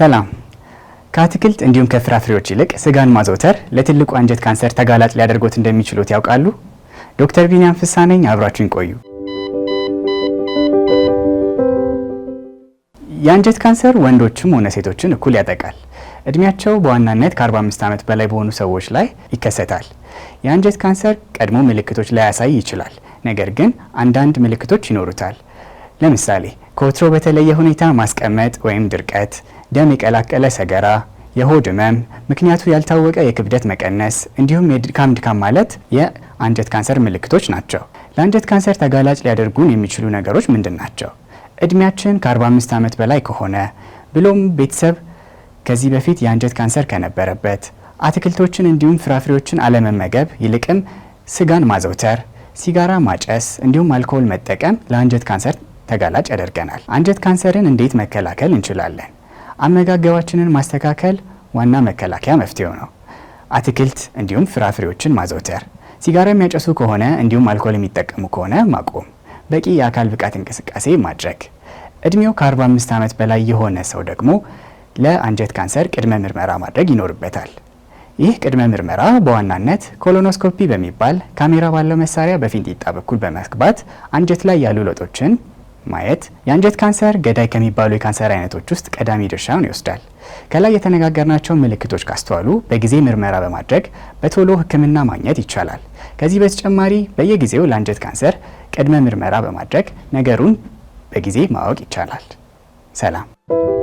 ሰላም። ከአትክልት እንዲሁም ከፍራፍሬዎች ይልቅ ስጋን ማዘውተር ለትልቁ አንጀት ካንሰር ተጋላጭ ሊያደርጎት እንደሚችሉት ያውቃሉ? ዶክተር ቢኒያም ፍስሐ ነኝ። አብራችሁኝ ቆዩ። የአንጀት ካንሰር ወንዶችም ሆነ ሴቶችን እኩል ያጠቃል። እድሜያቸው በዋናነት ከ45 ዓመት በላይ በሆኑ ሰዎች ላይ ይከሰታል። የአንጀት ካንሰር ቀድሞ ምልክቶች ላያሳይ ይችላል፣ ነገር ግን አንዳንድ ምልክቶች ይኖሩታል። ለምሳሌ ከወትሮ በተለየ ሁኔታ ማስቀመጥ ወይም ድርቀት፣ ደም የቀላቀለ ሰገራ፣ የሆድ ህመም፣ ምክንያቱ ያልታወቀ የክብደት መቀነስ እንዲሁም የድካም ድካም ማለት የአንጀት ካንሰር ምልክቶች ናቸው። ለአንጀት ካንሰር ተጋላጭ ሊያደርጉን የሚችሉ ነገሮች ምንድን ናቸው? እድሜያችን ከ45 ዓመት በላይ ከሆነ ብሎም ቤተሰብ ከዚህ በፊት የአንጀት ካንሰር ከነበረበት፣ አትክልቶችን እንዲሁም ፍራፍሬዎችን አለመመገብ ይልቅም ስጋን ማዘውተር፣ ሲጋራ ማጨስ እንዲሁም አልኮል መጠቀም ለአንጀት ካንሰር ተጋላጭ ያደርገናል። አንጀት ካንሰርን እንዴት መከላከል እንችላለን? አመጋገባችንን ማስተካከል ዋና መከላከያ መፍትሄው ነው። አትክልት እንዲሁም ፍራፍሬዎችን ማዘውተር፣ ሲጋራ የሚያጨሱ ከሆነ እንዲሁም አልኮል የሚጠቀሙ ከሆነ ማቆም፣ በቂ የአካል ብቃት እንቅስቃሴ ማድረግ። እድሜው ከ45 ዓመት በላይ የሆነ ሰው ደግሞ ለአንጀት ካንሰር ቅድመ ምርመራ ማድረግ ይኖርበታል። ይህ ቅድመ ምርመራ በዋናነት ኮሎኖስኮፒ በሚባል ካሜራ ባለው መሳሪያ በፊንጢጣ በኩል በመግባት አንጀት ላይ ያሉ ለውጦችን ማየት የአንጀት ካንሰር ገዳይ ከሚባሉ የካንሰር አይነቶች ውስጥ ቀዳሚ ድርሻውን ይወስዳል። ከላይ የተነጋገርናቸውን ምልክቶች ካስተዋሉ በጊዜ ምርመራ በማድረግ በቶሎ ሕክምና ማግኘት ይቻላል። ከዚህ በተጨማሪ በየጊዜው ለአንጀት ካንሰር ቅድመ ምርመራ በማድረግ ነገሩን በጊዜ ማወቅ ይቻላል። ሰላም